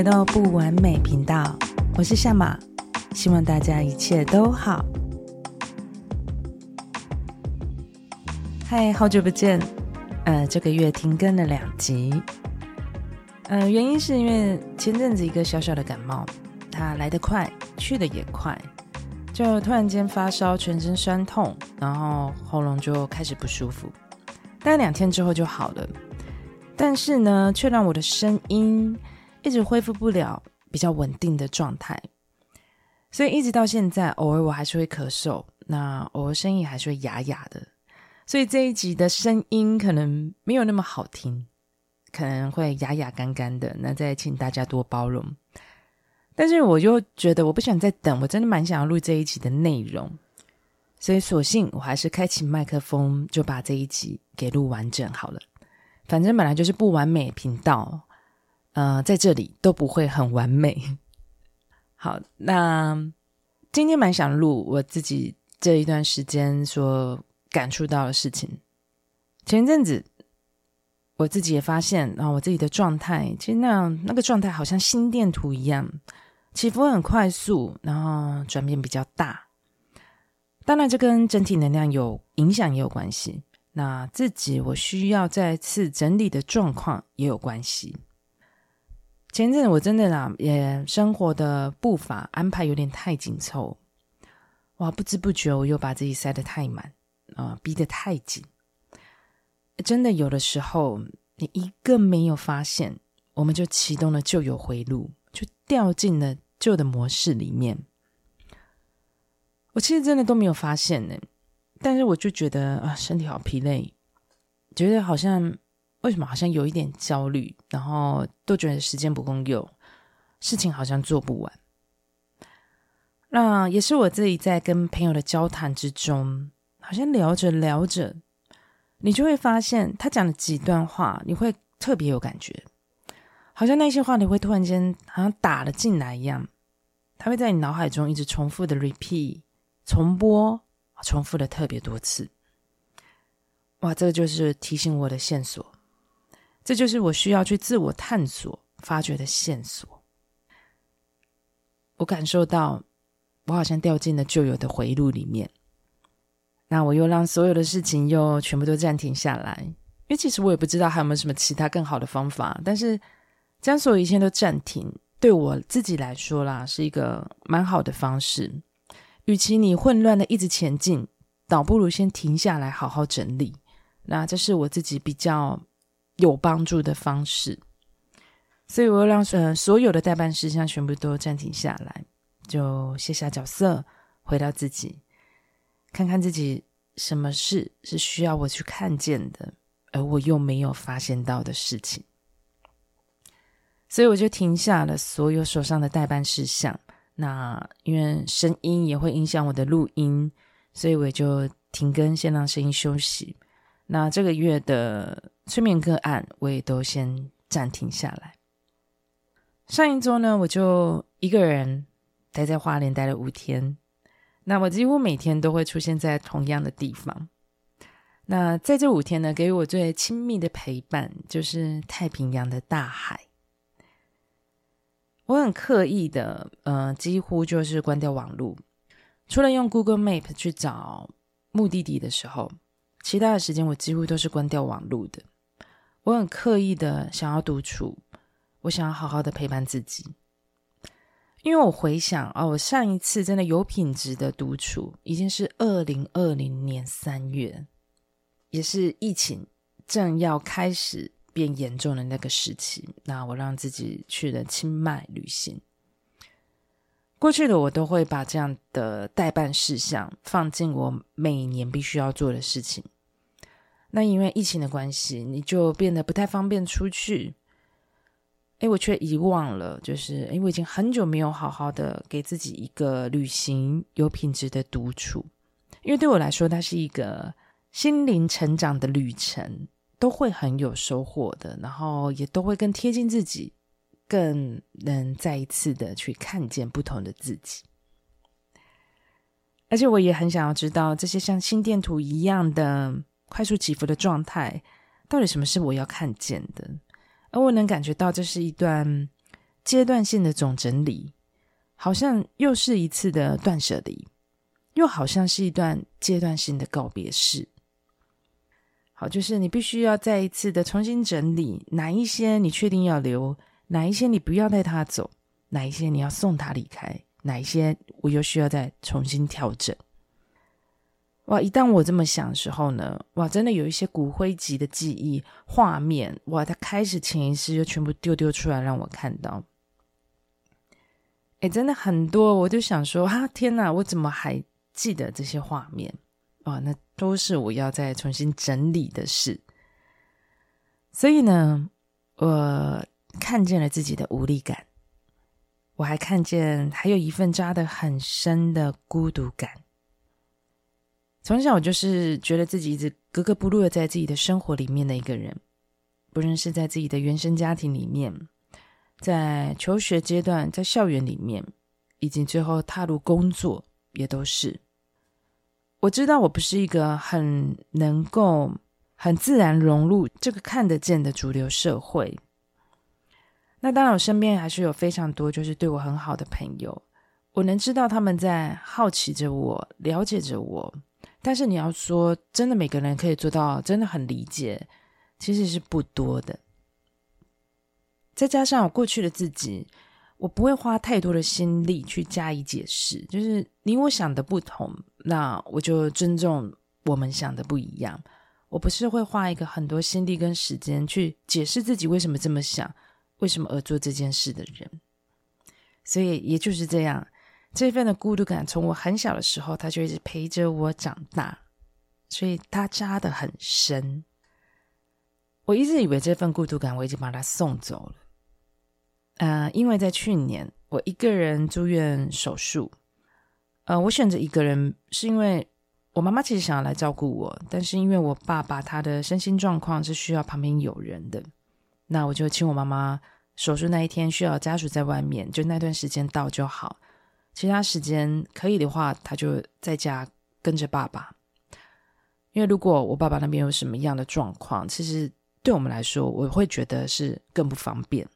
來到不完美頻道，我是夏瑪。希望大家一切都好。嗨，好久不見。呃，這個月停更了兩集。呃，原因是因為前陣子一個小小的感冒，它來得快，去得也快，就突然間發燒，全身痠痛，然後喉嚨就開始不舒服，待兩天之後就好了。但是呢，卻讓我的聲音。一直恢復不了比較穩定的狀態，所以一直到現在，偶爾我還是會咳嗽，那偶爾聲音還是會啞啞的，所以這一集的聲音可能沒有那麼好聽，可能會啞啞乾乾的，那再請大家多包容。但是我就覺得我不想再等，我真的蠻想要錄這一集的內容，所以索性我還是開啟麥克風，就把這一集給錄完整好了，反正本來就是不完美頻道。呃，在這裡都不會很完美。好，那今天蠻想錄我自己這一段時間所感觸到的事情。前陣子我自己也發現啊，我自己的狀態其實那那個狀態好像心電圖一樣，起伏很快速，然後轉變比較大。當然，這跟整體能量有影響也有關係，那自己我需要再次整理的狀況也有關係。前陣我真的啦，也生活的步伐安排有點太緊湊，哇！不知不覺我又把自己塞得太滿啊、呃，逼得太緊。真的，有的時候你一個沒有發現，我們就啟動了舊有回路，就掉進了舊的模式裡面。我其實真的都沒有發現呢，但是我就覺得啊、呃，身體好疲累，覺得好像。為什麼好像有一點焦慮，然後都覺得時間不夠用，事情好像做不完。那也是我自己在跟朋友的交談之中，好像聊着聊着，你就會發現他講的幾段話，你會特別有感覺，好像那些話你會突然間好像打了進來一樣，他會在你腦海中一直重複的 repeat 重播，重複了特別多次。哇，這個就是提醒我的線索。這就是我需要去自我探索、發掘的線索。我感受到，我好像掉進了舊有的回路裡面。那我又讓所有的事情又全部都暫停下來，因為其實我也不知道還有沒有什麼其他更好的方法。但是將所有一切都暫停，對我自己來說啦，是一個蠻好的方式。與其你混亂的一直前進，倒不如先停下來，好好整理。那這是我自己比較。有幫助的方式，所以我讓，呃，所有的待辦事項全部都暫停下來，就卸下角色，回到自己，看看自己什麼事是需要我去看見的，而我又沒有發現到的事情。所以我就停下了所有手上的待辦事項。那因為聲音也會影響我的錄音，所以我就停更，先讓聲音休息。那這個月的催眠個案，我也都先暫停下來。上一周呢，我就一個人待在花蓮待了五天。那我幾乎每天都會出現在同樣的地方。那在這五天呢，給予我最親密的陪伴就是太平洋的大海。我很刻意的，呃，幾乎就是關掉網絡，除了用 Google Map 去找目的地的時候。其他的時間，我幾乎都是關掉網絡的。我很刻意的想要獨處，我想要好好的陪伴自己。因為我回想啊、哦，我上一次真的有品質的獨處，已經是二零二零年三月，也是疫情正要開始變嚴重的那個時期。那我讓自己去了清邁旅行。過去的我都會把這樣的待辦事項放進我每年必須要做的事情。那因為疫情的關係，你就變得不太方便出去。哎，我卻遺忘了，就是因為我已經很久沒有好好的給自己一個旅行、有品質的獨處。因為對我來說，它是一個心靈成長的旅程，都會很有收穫的，然後也都會更貼近自己。更能再一次的去看見不同的自己，而且我也很想要知道這些像心電圖一樣的快速起伏的狀態，到底什麼是我要看見的？而我能感覺到，這是一段階段性的總整理，好像又是一次的斷捨離，又好像是一段階段性的告別式。好，就是你必須要再一次的重新整理，哪一些你確定要留？哪一些你不要帶他走？哪一些你要送他離開？哪一些我又需要再重新調整？哇！一旦我這麼想的時候呢，哇，真的有一些骨灰級的記憶畫面，哇，他開始潛意識就全部丟丟出來讓我看到。哎、欸，真的很多，我就想說啊，天哪，我怎麼還記得這些畫面？哇，那都是我要再重新整理的事。所以呢，我。看見了自己的無力感，我還看見還有一份扎得很深的孤獨感。從小我就是覺得自己一直格格不入的在自己的生活裡面的一個人，不論是在自己的原生家庭裡面，在求學階段，在校園裡面，以及最後踏入工作也都是。我知道我不是一個很能夠很自然融入這個看得見的主流社會。那當然，我身邊還是有非常多就是對我很好的朋友，我能知道他們在好奇着我，了解着我。但是你要說真的，每個人可以做到真的很理解，其實是不多的。再加上我過去的自己，我不會花太多的心力去加以解釋。就是你我想的不同，那我就尊重我們想的不一樣。我不是會花一個很多心力跟時間去解釋自己為什麼這麼想。為什麼而做這件事的人？所以也就是這樣，這份的孤獨感從我很小的時候，他就一直陪着我長大，所以他扎得很深。我一直以為這份孤獨感我已經把他送走了，呃，因為在去年我一個人住院手術，呃，我選擇一個人是因為我媽媽其實想要來照顧我，但是因為我爸爸他的身心狀況是需要旁邊有人的。那我就請我媽媽手術那一天需要家屬在外面，就那段時間到就好。其他時間可以的話，她就在家跟着爸爸。因為如果我爸爸那邊有什麼樣的狀況，其實對我們來說，我會覺得是更不方便。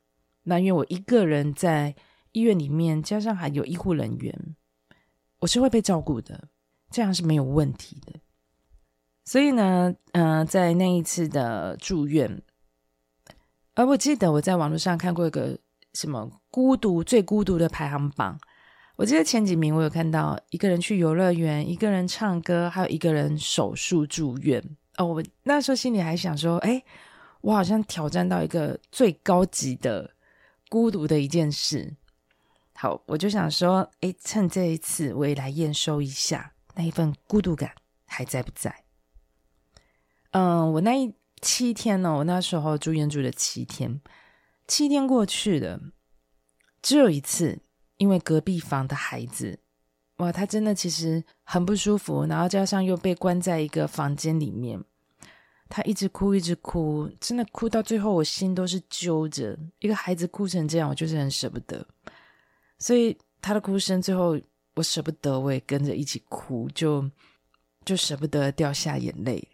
那因為我一個人在醫院裡面，加上還有醫護人員，我是會被照顧的，這樣是沒有問題的。所以呢，嗯、呃，在那一次的住院。呃，而我記得我在網絡上看過一個什麼孤獨最孤獨的排行榜。我記得前幾名，我有看到一個人去遊樂園，一個人唱歌，還有一個人手術住院。哦，我那時候心裡還想說，哎，我好像挑戰到一個最高級的孤獨的一件事。好，我就想說，哎，趁這一次我也來驗收一下那一份孤獨感還在不在。嗯，我那一。七天哦，我那時候住院住了七天，七天過去的，只有一次，因為隔壁房的孩子，哇，他真的其實很不舒服，然後加上又被關在一個房間裡面，他一直哭，一直哭，真的哭到最後，我心都是揪着。一個孩子哭成這樣，我就是很舍不得，所以他的哭聲最後我舍不得，我也跟着一起哭，就就舍不得掉下眼淚。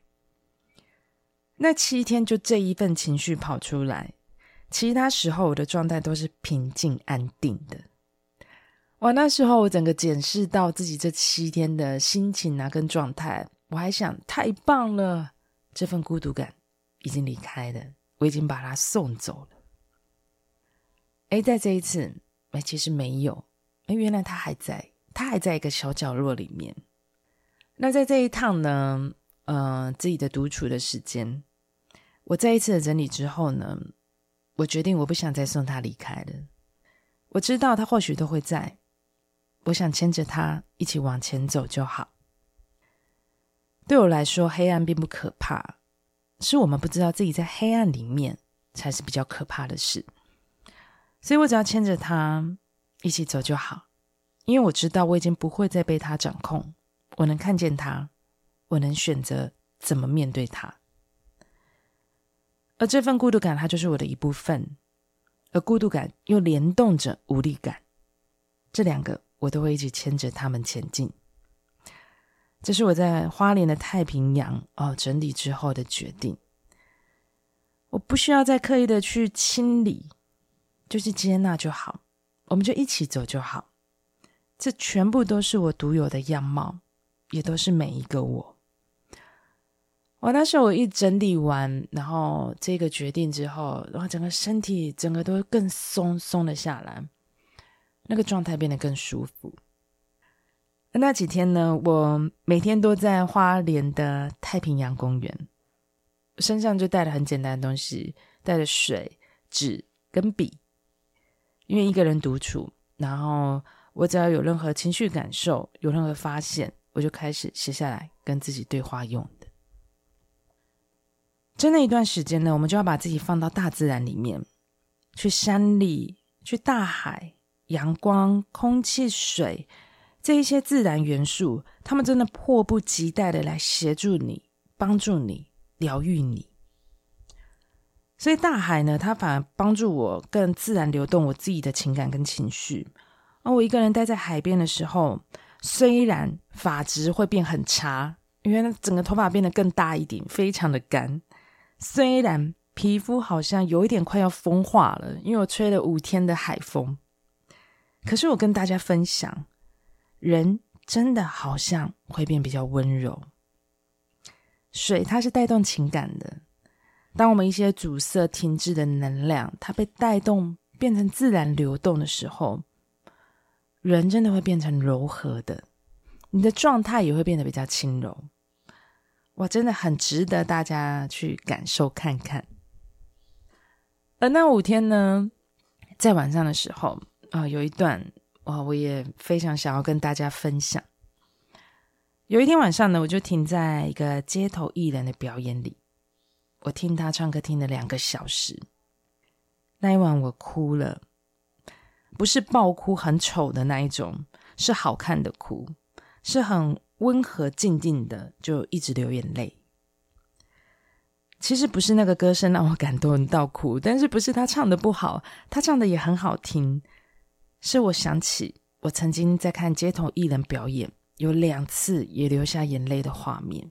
那七天就這一份情緒跑出來，其他時候我的狀態都是平靜安定的。哇，那時候我整個檢視到自己這七天的心情啊，跟狀態，我還想太棒了，這份孤獨感已經離開了，我已經把它送走了。哎，在這一次，哎，其實沒有，哎，原來他還在，他還在一個小角落裡面。那在這一趟呢，呃，自己的獨處的時間。我在一次的整理之後呢，我決定我不想再送他離開了。我知道他或許都會在，我想牽着他一起往前走就好。對我來說，黑暗並不可怕，是我們不知道自己在黑暗裡面才是比較可怕的事。所以我只要牽着他一起走就好，因為我知道我已經不會再被他掌控，我能看見他，我能選擇怎麼面對他。而這份孤獨感，它就是我的一部分；而孤獨感又聯動着無力感，這兩個我都會一直牽着他們前進。這是我在花蓮的太平洋哦，整理之後的決定。我不需要再刻意的去清理，就是接納就好，我們就一起走就好。這全部都是我獨有的樣貌，也都是每一個我。哇！那時候我一整理完，然後這個決定之後，然後整個身體整個都更鬆鬆了下來，那個狀態變得更舒服。那那幾天呢，我每天都在花蓮的太平洋公園，身上就帶了很簡單的東西，帶着水、紙跟筆。因為一個人獨處，然後我只要有任何情緒感受，有任何發現，我就開始寫下來，跟自己對話用。在，這一段時間呢，我們就要把自己放到大自然裡面，去山裡，去大海，陽光、空氣、水，這一些自然元素，他們真的迫不及待地來協助你，幫助你，療癒你。所以大海呢，它反而幫助我更自然流動我自己的情感跟情緒。而我一個人待在海邊的時候，雖然髮質會變很差，因為整個頭髮變得更大一點，非常的乾。雖然皮膚好像有一點快要風化了，因為我吹了五天的海風。可是我跟大家分享，人真的好像會變比較溫柔。水它是帶動情感的，當我們一些阻塞停滯的能量，它被帶動變成自然流動的時候，人真的會變成柔和的，你的狀態也會變得比較輕柔。我真的很值得大家去感受看看，而那五天呢，在晚上的時候啊、呃，有一段啊，我也非常想要跟大家分享。有一天晚上呢，我就停在一個街頭藝人的表演裡，我聽他唱歌聽了兩個小時。那一晚我哭了，不是爆哭很醜的那一種，是好看的哭，是很。溫和靜靜的，就一直流眼淚。其實不是那個歌聲讓我感動到哭，但是不是他唱的不好，他唱的也很好聽。是我想起我曾經在看街頭藝人表演，有兩次也流下眼淚的畫面。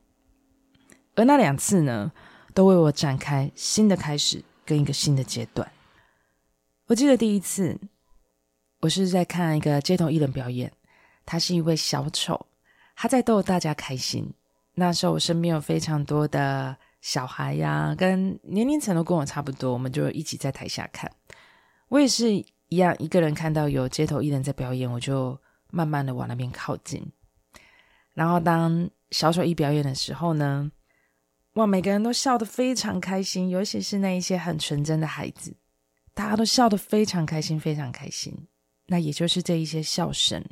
而那兩次呢，都為我展開新的開始跟一個新的階段。我記得第一次，我是在看一個街頭藝人表演，他是一位小丑。他在逗大家開心。那時候我身邊有非常多的小孩呀，跟年齡層都跟我差不多，我們就一起在台下看。我也是一樣，一個人看到有街頭藝人在表演，我就慢慢的往那邊靠近。然後當小丑一表演的時候呢，哇，每個人都笑得非常開心，尤其是那一些很純真的孩子，大家都笑得非常開心，非常開心。那也就是這一些笑聲。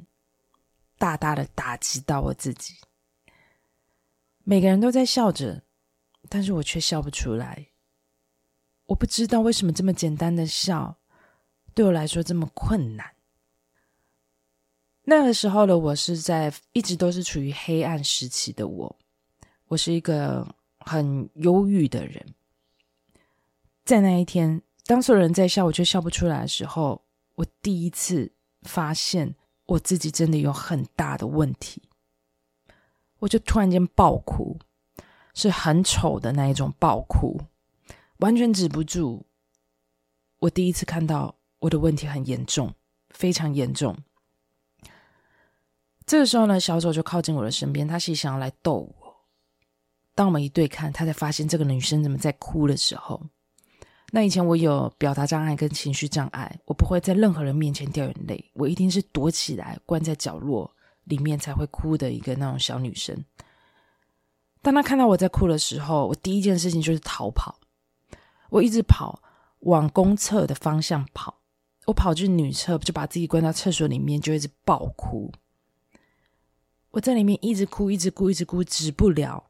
大大的打擊到我自己。每個人都在笑着，但是我卻笑不出來。我不知道為什麼這麼簡單的笑，對我來說這麼困難。那個時候的我是在一直都是處於黑暗時期的我，我是一個很憂鬱的人。在那一天，當所有人在笑，我卻笑不出來的時候，我第一次發現。我自己真的有很大的問題，我就突然間爆哭，是很醜的那一種爆哭，完全止不住。我第一次看到我的問題很嚴重，非常嚴重。這個時候呢，小丑就靠近我的身邊，他是想要來逗我。當我們一對看，他才發現這個女生怎麼在哭的時候。那以前我有表達障礙跟情緒障礙，我不會在任何人面前掉眼淚，我一定是躲起來，關在角落裡面才會哭的一個那種小女生。當他看到我在哭的時候，我第一件事情就是逃跑，我一直跑往公廁的方向跑，我跑去女廁就把自己關到廁所裡面，就一直爆哭。我在裡面一直哭，一直哭，一直哭，一直哭，止不了。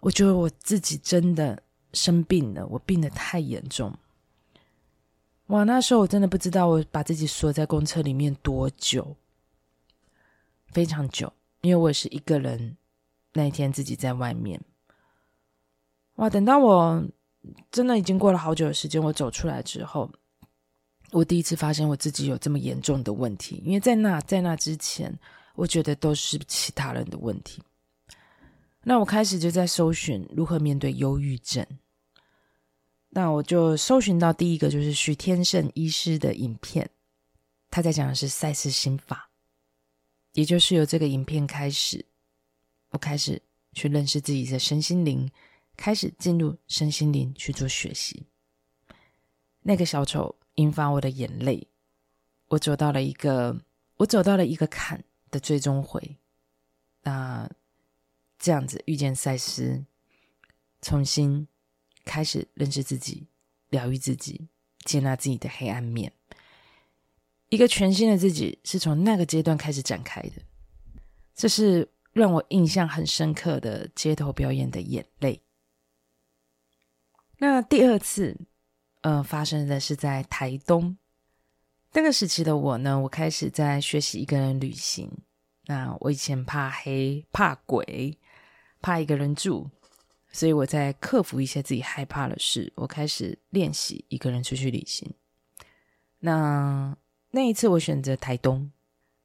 我覺得我自己真的。生病了，我病得太嚴重，哇！那時候我真的不知道我把自己鎖在公廁裡面多久，非常久，因為我也是一個人，那一天自己在外面，哇！等到我真的已經過了好久的時間，我走出來之後，我第一次發現我自己有這麼嚴重的問題，因為在那在那之前，我覺得都是其他人的問題。那我開始就在搜尋如何面對憂鬱症。那我就搜尋到第一個就是徐天勝醫師的影片，他在講的是賽斯心法，也就是由這個影片開始，我開始去認識自己的身心靈，開始進入身心靈去做學習。那個小丑引發我的眼淚，我走到了一個，我走到了一個坎的最終回，那、呃、這樣子遇見賽斯，重新。開始認識自己，療癒自己，接納自己的黑暗面。一個全新的自己是從那個階段開始展開的。這是讓我印象很深刻的街頭表演的眼淚。那第二次，呃，發生的是在台東。那個時期的我呢，我開始在學習一個人旅行。那我以前怕黑、怕鬼、怕一個人住。所以我在克服一些自己害怕的事，我開始練習一個人出去旅行。那那一次我選擇台東，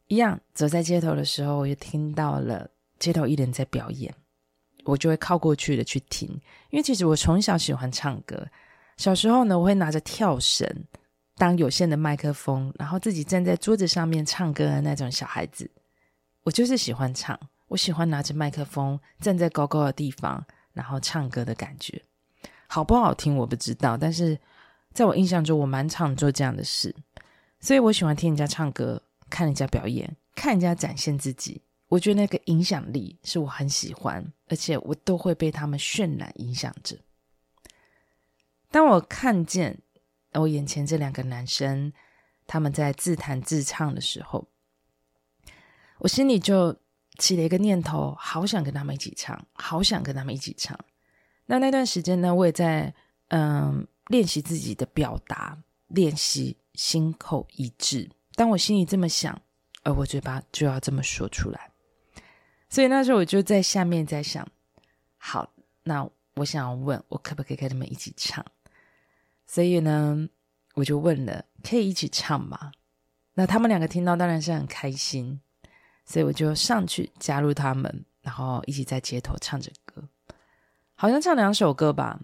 一樣走在街頭的時候，我就聽到了街頭藝人在表演，我就會靠過去的去聽。因為其實我從小喜歡唱歌，小時候呢，我會拿着跳繩當有線的麥克風，然後自己站在桌子上面唱歌的那種小孩子。我就是喜歡唱，我喜歡拿着麥克風站在高高的地方。然後唱歌的感覺好不好聽，我不知道。但是在我印象中，我蠻常做這樣的事，所以我喜歡聽人家唱歌，看人家表演，看人家展現自己。我覺得那個影響力是我很喜歡，而且我都會被他們渲染影響着。當我看見我眼前這兩個男生，他們在自彈自唱的時候，我心裡就起了一個念頭，好想跟他們一起唱，好想跟他們一起唱。那那段時間呢，我也在嗯練習自己的表達，練習心口一致。當我心裡這麼想，而我嘴巴就要這麼說出來。所以那時候我就在下面在想，好，那我想要問，我可不可以跟他們一起唱？所以呢，我就問了，可以一起唱嗎？那他們兩個聽到當然是很開心。所以我就上去加入他們，然後一起在街頭唱着歌，好像唱兩首歌吧。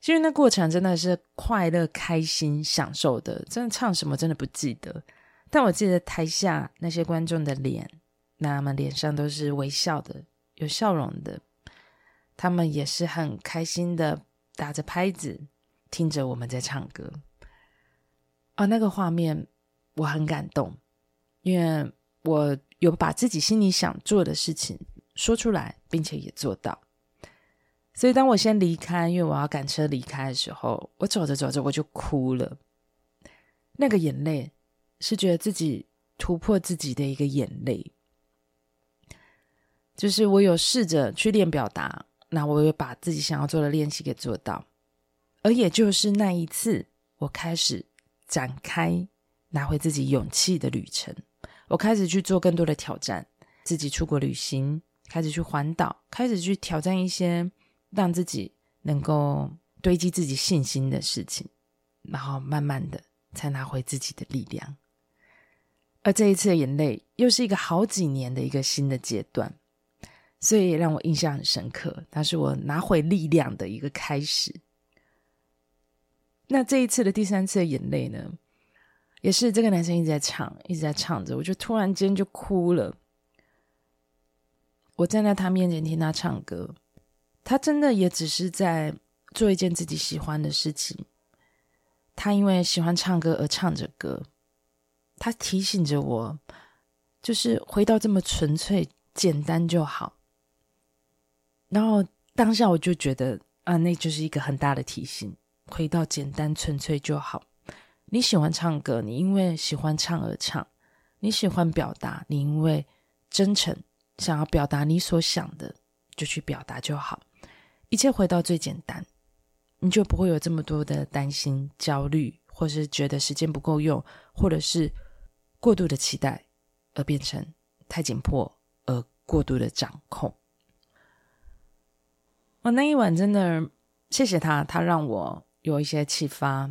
其實那過程真的是快樂、開心、享受的。真的唱什麼真的不記得，但我記得台下那些觀眾的臉，那他們臉上都是微笑的，有笑容的。他們也是很開心的打着拍子，聽着我們在唱歌。啊、哦，那個畫面我很感動，因為我。有把自己心裡想做的事情說出來，並且也做到。所以，當我先離開，因為我要趕車離開的時候，我走着走着我就哭了。那個眼淚是覺得自己突破自己的一個眼淚，就是我有試着去練表達，那我有把自己想要做的練習給做到。而也就是那一次，我開始展開拿回自己勇氣的旅程。我開始去做更多的挑戰，自己出國旅行，開始去環島，開始去挑戰一些讓自己能夠堆積自己信心的事情，然後慢慢的才拿回自己的力量。而這一次的眼淚，又是一個好幾年的一個新的階段，所以也讓我印象很深刻，它是我拿回力量的一個開始。那這一次的第三次的眼淚呢？也是這個男生一直在唱，一直在唱着，我就突然間就哭了。我站在他面前聽他唱歌，他真的也只是在做一件自己喜歡的事情。他因為喜歡唱歌而唱着歌，他提醒着我，就是回到這麼純粹簡單就好。然後當下我就覺得啊，那就是一個很大的提醒，回到簡單純粹就好。你喜歡唱歌，你因為喜歡唱而唱；你喜歡表達，你因為真誠想要表達你所想的，就去表達就好。一切回到最簡單，你就不會有這麼多的擔心、焦慮，或是覺得時間不夠用，或者是過度的期待而變成太緊迫而過度的掌控。我，哦，那一晚真的謝謝他，他讓我有一些啟發。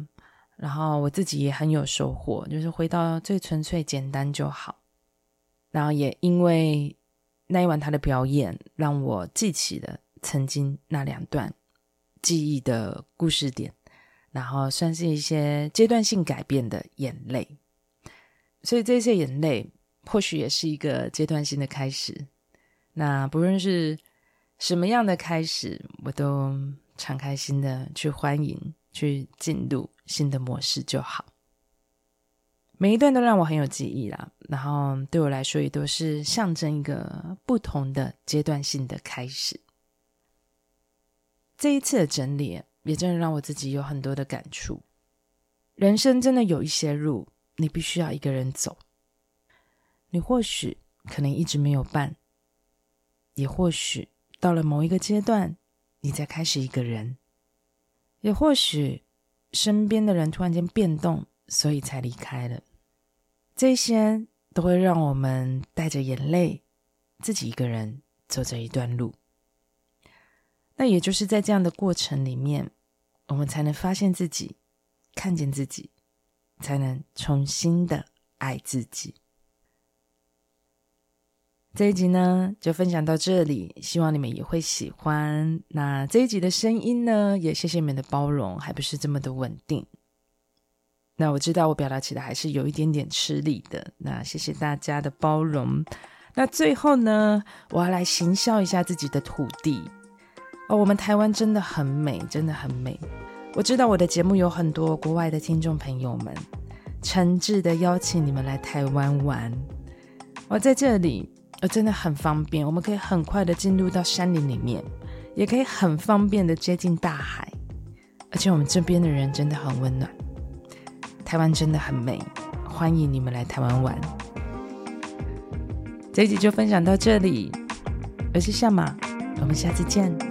然後我自己也很有收穫，就是回到最純粹、簡單就好。然後也因為那一晚他的表演，讓我記起了曾經那兩段記憶的故事點。然後算是一些階段性改變的眼淚。所以這些眼淚，或許也是一個階段性的開始。那不論是什麼樣的開始，我都敞開心的去歡迎。去進入新的模式就好。每一段都讓我很有記憶啦，然後對我來說也都是象徵一個不同的階段性的開始。這一次的整理也真的讓我自己有很多的感觸。人生真的有一些路，你必須要一個人走。你或許可能一直沒有伴，也或許到了某一個階段，你才開始一個人。也或許，身邊的人突然間變動，所以才離開了。這些都會讓我們帶着眼淚，自己一個人走着一段路。那也就是在這樣的過程裡面，我們才能發現自己，看見自己，才能重新的愛自己。這一集呢，就分享到這裡，希望你們也會喜歡。那這一集的聲音呢，也謝謝你們的包容，還不是這麼的穩定。那我知道我表達起來還是有一點點吃力的，那謝謝大家的包容。那最後呢，我要來行銷一下自己的土地哦，我們台灣真的很美，真的很美。我知道我的節目有很多國外的聽眾朋友們，誠摯的邀請你們來台灣玩。我在這裡。而真的很方便，我們可以很快的進入到山林裡面，也可以很方便的接近大海，而且我們這邊的人真的很溫暖，台灣真的很美，歡迎你們來台灣玩。這一集就分享到這裡，我是夏瑪，我們下次見。